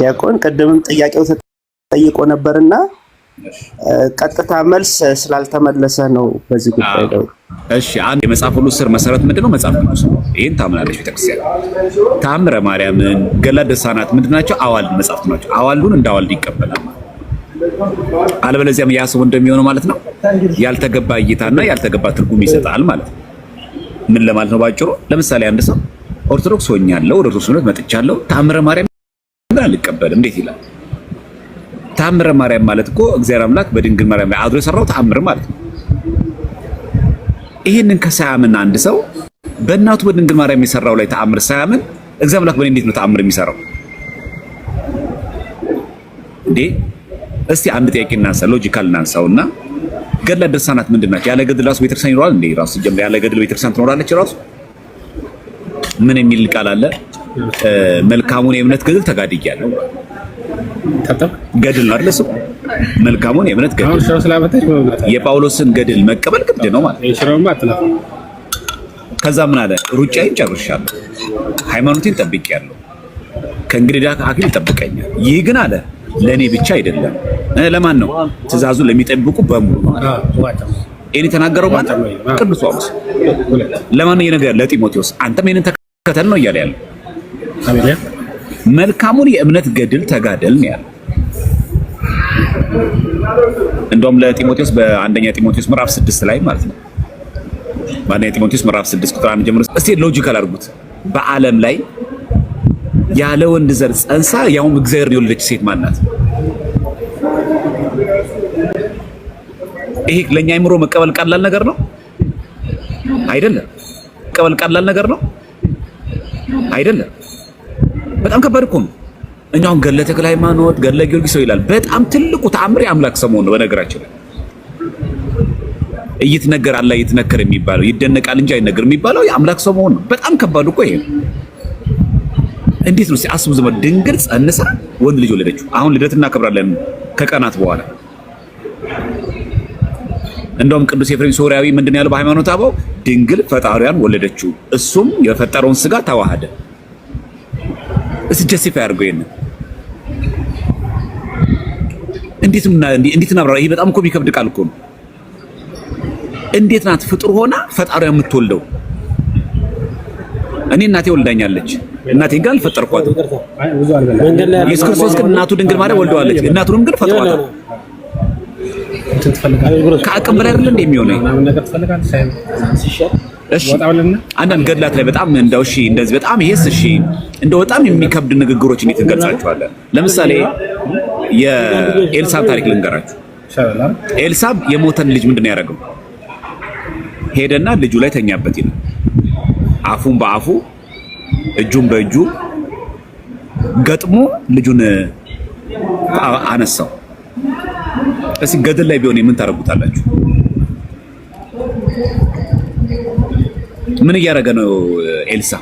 ዲያቆን ቅድምም ጥያቄው ተጠይቆ ነበርና ቀጥታ መልስ ስላልተመለሰ ነው በዚህ ጉዳይ ላይ። እሺ አንድ የመጽሐፍ ሁሉ ስር መሰረት ምንድን ነው? መጽሐፍ ቅዱስ ነው። ይህን ታምናለች ቤተክርስቲያን። ታምረ ማርያምን፣ ገላ ደሳናት ምንድን ናቸው? አዋልድ መጽሐፍት ናቸው። አዋልዱን እንደ አዋልድ ይቀበላል። አለበለዚያም ያ ሰው እንደሚሆነው ማለት ነው ያልተገባ እይታና ያልተገባ ትርጉም ይሰጣል ማለት ነው። ምን ለማለት ነው ባጭሩ? ለምሳሌ አንድ ሰው ኦርቶዶክስ ሆኛለሁ፣ ወደ ኦርቶዶክስ እምነት መጥቻለሁ፣ ታምረ ማርያም አልቀበልም እንዴት ይላል? ታምረ ማርያም ማለት እኮ እግዚአብሔር አምላክ በድንግል ማርያም ላይ አድሮ የሰራው ታምር ማለት ነው። ይህንን ከሳያምን አንድ ሰው በእናቱ በድንግል ማርያም የሰራው ላይ ተአምር ሳያምን እግዚአብሔር አምላክ በእኔ እንዴት ነው ተአምር የሚሰራው? እንዴ እስቲ አንድ ጥያቄ እናንሳ፣ ሎጂካል እናንሳውና ገድለ ድርሳናት ምንድን ናቸው? ያለ ገድል ራሱ ቤተክርስቲያን ይኖራል እንዴ? ራሱ ሲጀምር ያለ ገድል ቤተክርስቲያን ትኖራለች ራሱ ምን የሚል ቃል አለ? መልካሙን የእምነት ገድል ተጋድያለሁ። ገድል ነው አይደል? እሱ መልካሙን የእምነት ገድል የጳውሎስን ገድል መቀበል ግድ ነው ማለት ነው። ከዛ ምን አለ? ሩጫዬን ጨርሻለሁ፣ ሃይማኖቴን ጠብቄያለሁ። ከእንግዲህ ዳክ አክሊል ይጠብቀኛል። ይህ ግን አለ ለእኔ ብቻ አይደለም። ለማን ነው? ትእዛዙን ለሚጠብቁ በሙሉ ነው አለ። ይህን የተናገረው ቅዱስ ጳውሎስ። ለማን ነው የነገር? ለጢሞቴዎስ አንተም ይህንን ተከተል ነው እያለ ያለው መልካሙን የእምነት ገድል ተጋደል ነው ያለው። እንደውም ለጢሞቴዎስ በአንደኛ ጢሞቴዎስ ምዕራፍ ስድስት ላይ ማለት ነው። በአንደኛ ጢሞቴዎስ ምዕራፍ ስድስት ቁጥር አንድ ጀምሮ እስቲ ሎጂካል አድርጉት። በዓለም ላይ ያለ ወንድ ዘር ጸንሳ ያውም እግዚአብሔር የወለደች ሴት ማን ናት? ይሄ ለኛ አይምሮ መቀበል ቀላል ነገር ነው አይደለም? መቀበል ቀላል ነገር ነው አይደለም? በጣም ከባድ እኮ ነው። እኛውን ገለ ተክለ ሃይማኖት ገለ ጊዮርጊስ ሰው ይላል። በጣም ትልቁ ተአምር የአምላክ ሰሞን ነው። በነገራችን ላይ እይትነገር አላ እይትነከር የሚባለው ይደነቃል እንጂ አይነገር የሚባለው የአምላክ ሰሞን ነው። በጣም ከባድ እኮ ይሄ እንዴት ነው አስቡ። ዘመድ ድንግል ጸንሳ ወንድ ልጅ ወለደችው። አሁን ልደት እናከብራለን ከቀናት በኋላ እንደውም ቅዱስ ኤፍሬም ሶሪያዊ ምንድን ያለው በሃይማኖት አበው ድንግል ፈጣሪያን ወለደችው፣ እሱም የፈጠረውን ስጋ ተዋሃደ። እስ ጀስቲፋይ አድርገው ይሄንን እንዴት እና እንዴት ይሄ በጣም እኮ የሚከብድ ቃል እኮ ነው። እንዴት ናት ፍጡር ሆና ፈጣሪዋ የምትወልደው? እኔ እናቴ ወልዳኛለች። እናቴ ጋር ፈጠርኳት ኢየሱስ ክርስቶስ ግን እናቱ ድንግል ማርያም ወልደዋለች። እናቱንም ግን ፈጥሯታል። ከአቅም በላይ አይደል የሚሆነ። እሺ አንዳንድ ገድላት ላይ በጣም እንደው እሺ እንደዚህ በጣም ይሄስ እሺ እንደው በጣም የሚከብድ ንግግሮች እንዴት እንገልጻቸዋለን? ለምሳሌ የኤልሳብ ታሪክ ልንገራችሁ። ኤልሳብ የሞተን ልጅ ምንድን ነው ያደረገው? ሄደና ልጁ ላይ ተኛበት ይላል። አፉን በአፉ እጁን በእጁ ገጥሞ ልጁን አነሳው። እስኪ ገድል ላይ ቢሆን የምን ታደርጉታላችሁ? ምን እያደረገ ነው ኤልሳ?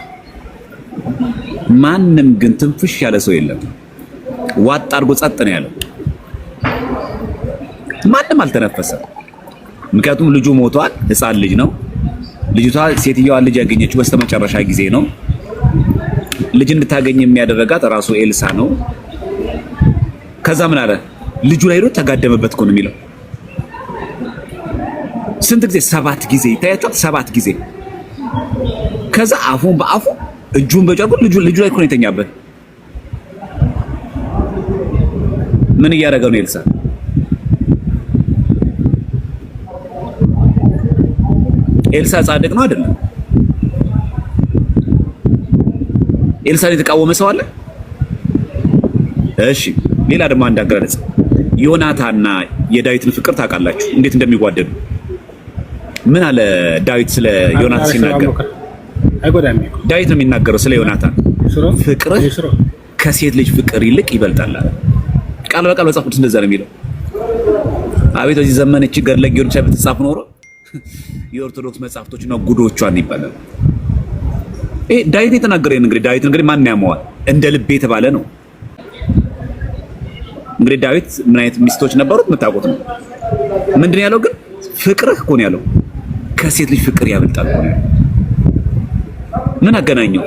ማንም ግን ትንፍሽ ያለ ሰው የለም። ዋጥ አድርጎ ጸጥ ነው ያለው። ማንም አልተነፈሰም። ምክንያቱም ልጁ ሞቷል። ህፃን ልጅ ነው። ልጅቷ ሴትዮዋ ልጅ ያገኘችው በስተመጨረሻ ጊዜ ነው። ልጅ እንድታገኝ የሚያደረጋት ራሱ ኤልሳ ነው። ከዛ ምን አለ ልጁ ላይ ሄዶ ተጋደመበት እኮ ነው የሚለው። ስንት ጊዜ? ሰባት ጊዜ ይታያቸዋል። ሰባት ጊዜ ከዛ አፉን በአፉ እጁን በጨርቁ ልጁ ልጁ ላይ እኮ ነው የተኛበት። ምን እያደረገ ነው ኤልሳ? ኤልሳ ጻድቅ ነው አይደለም? ኤልሳን የተቃወመ ሰው አለ? እሺ፣ ሌላ ደግሞ አንድ አገላለጽ ዮናታና የዳዊትን ፍቅር ታውቃላችሁ እንዴት እንደሚጓደዱ ምን አለ ዳዊት ስለ ዮናታ ሲናገር ዳዊት ነው የሚናገረው ስለ ዮናታን ፍቅርህ ከሴት ልጅ ፍቅር ይልቅ ይበልጣል አለ። ቃል በቃል መጽሐፍ ቅዱስ እንደዛ ነው የሚለው። አቤት በዚህ ዘመን እቺ ገድለ ጊዮርጊስ ብትጻፍ ኖሮ የኦርቶዶክስ መጽሐፍቶችና ጉዶቿን ይባላል። ይሄ ዳዊት የተናገረው እንግዲህ ዳዊት እንግዲህ ማን ያመዋል? እንደ ልቤ የተባለ ነው እንግዲህ ዳዊት ምን አይነት ሚስቶች ነበሩት የምታውቁት ነው። ምንድን ያለው ግን ፍቅርህ እኮ ነው ያለው ከሴት ልጅ ፍቅር ያበልጣል እኮ ነው ያለው። ምን አገናኘው?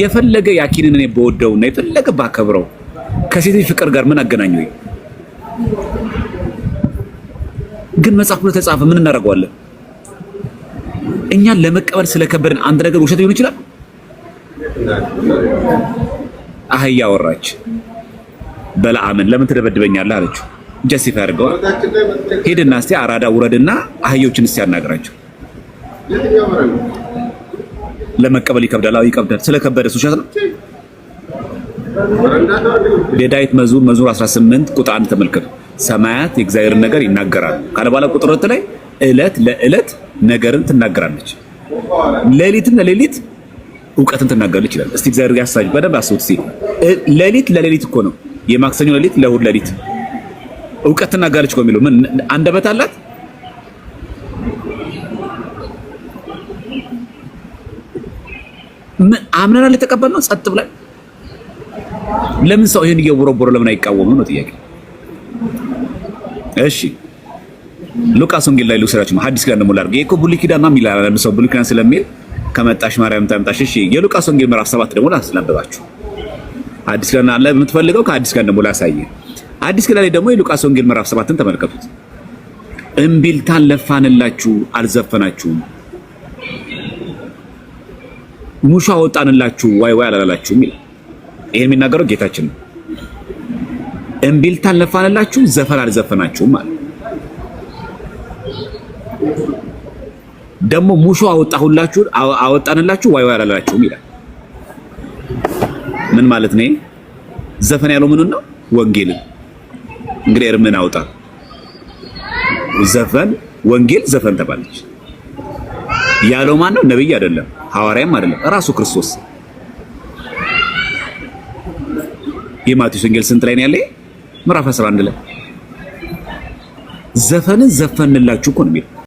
የፈለገ ያኪንን እኔ በወደውና የፈለገ ባከብረው ከሴት ፍቅር ጋር ምን አገናኘው? ግን መጽሐፉ ለተጻፈ ምን እናደርገዋለን? እኛን ለመቀበል ስለከበደን አንድ ነገር ውሸት ሊሆን ይችላል። አህያ አወራች በለዓምን ለምን ትደበድበኛለህ አለችው። ጀስቲፋይ አድርገዋል። ሄድና እስቲ አራዳ ውረድና አህዮችን እስቲ ያናግራቸው። ለመቀበል ይከብዳል። አዎ ይከብዳል። ስለከበደ እሱ ውሸት ነው። የዳዊት መዝሙር መዝሙር 18 ቁጥር አንድ ተመልከቱ። ሰማያት የእግዚአብሔርን ነገር ይናገራሉ ካለ በኋላ ቁጥር ሁለት ላይ እለት ለእለት ነገርን ትናገራለች፣ ሌሊትም ለሌሊት እውቀትን ትናገራለች ይላል። እስቲ እግዚአብሔር ያሳጅ በደንብ አስቡት። እስቲ ሌሊት ለሌሊት እኮ ነው የማክሰኞ ሌሊት ለእሑድ ሌሊት እውቀት ትናገራለች እኮ የሚለው ምን አንደበት አላት አምነናል፣ የተቀበልነው ጸጥ ብለን። ለምን ሰው ይሄን እየወረወረ ለምን አይቃወሙ ነው ጥያቄ። እሺ ሉቃስ ወንጌል ላይ ልውሰዳችሁ ነው። ሐዲስ ኪዳን ደግሞ ላድርግ። ይሄ እኮ ብሉይ ኪዳን ምናምን ይላል አይደል? ሰው ብሉይ ኪዳን ስለሚል ከመጣሽ ማርያም ታምጣሽ። እሺ የሉቃስ ወንጌል ምዕራፍ ሰባት ደግሞ ላስነበባችሁ። ሐዲስ ኪዳን አለ የምትፈልገው፣ ከሐዲስ ኪዳን ደግሞ ላሳየ። ሐዲስ ኪዳን ላይ ደግሞ የሉቃስ ወንጌል ምዕራፍ ሰባትን ተመልከቱት። እምቢልታን ለፋንላችሁ፣ አልዘፈናችሁም ሙሾ አወጣንላችሁ ዋይ ዋይ አላላችሁም ይላል። ይሄን የሚናገረው ጌታችን ነው። እምቢልታን ለፋንላችሁ ዘፈን አልዘፈናችሁም ማለት ደግሞ ሙሾ አወጣሁላችሁ አወጣንላችሁ ዋይ ዋይ አላላችሁም ይላል። ምን ማለት ነው? ዘፈን ያለው ምኑን ነው? ወንጌልን። እንግዲህ እርምን አውጣ ዘፈን ወንጌል ዘፈን ተባለች። ያለው ማን ነው? ነብይ አይደለም፣ ሐዋርያም አይደለም፣ ራሱ ክርስቶስ። የማቴዎስ ወንጌል ስንት ላይ ነው ያለ? ምዕራፍ 11 ላይ ዘፈንን ዘፈንላችሁ እኮ ነው የሚለው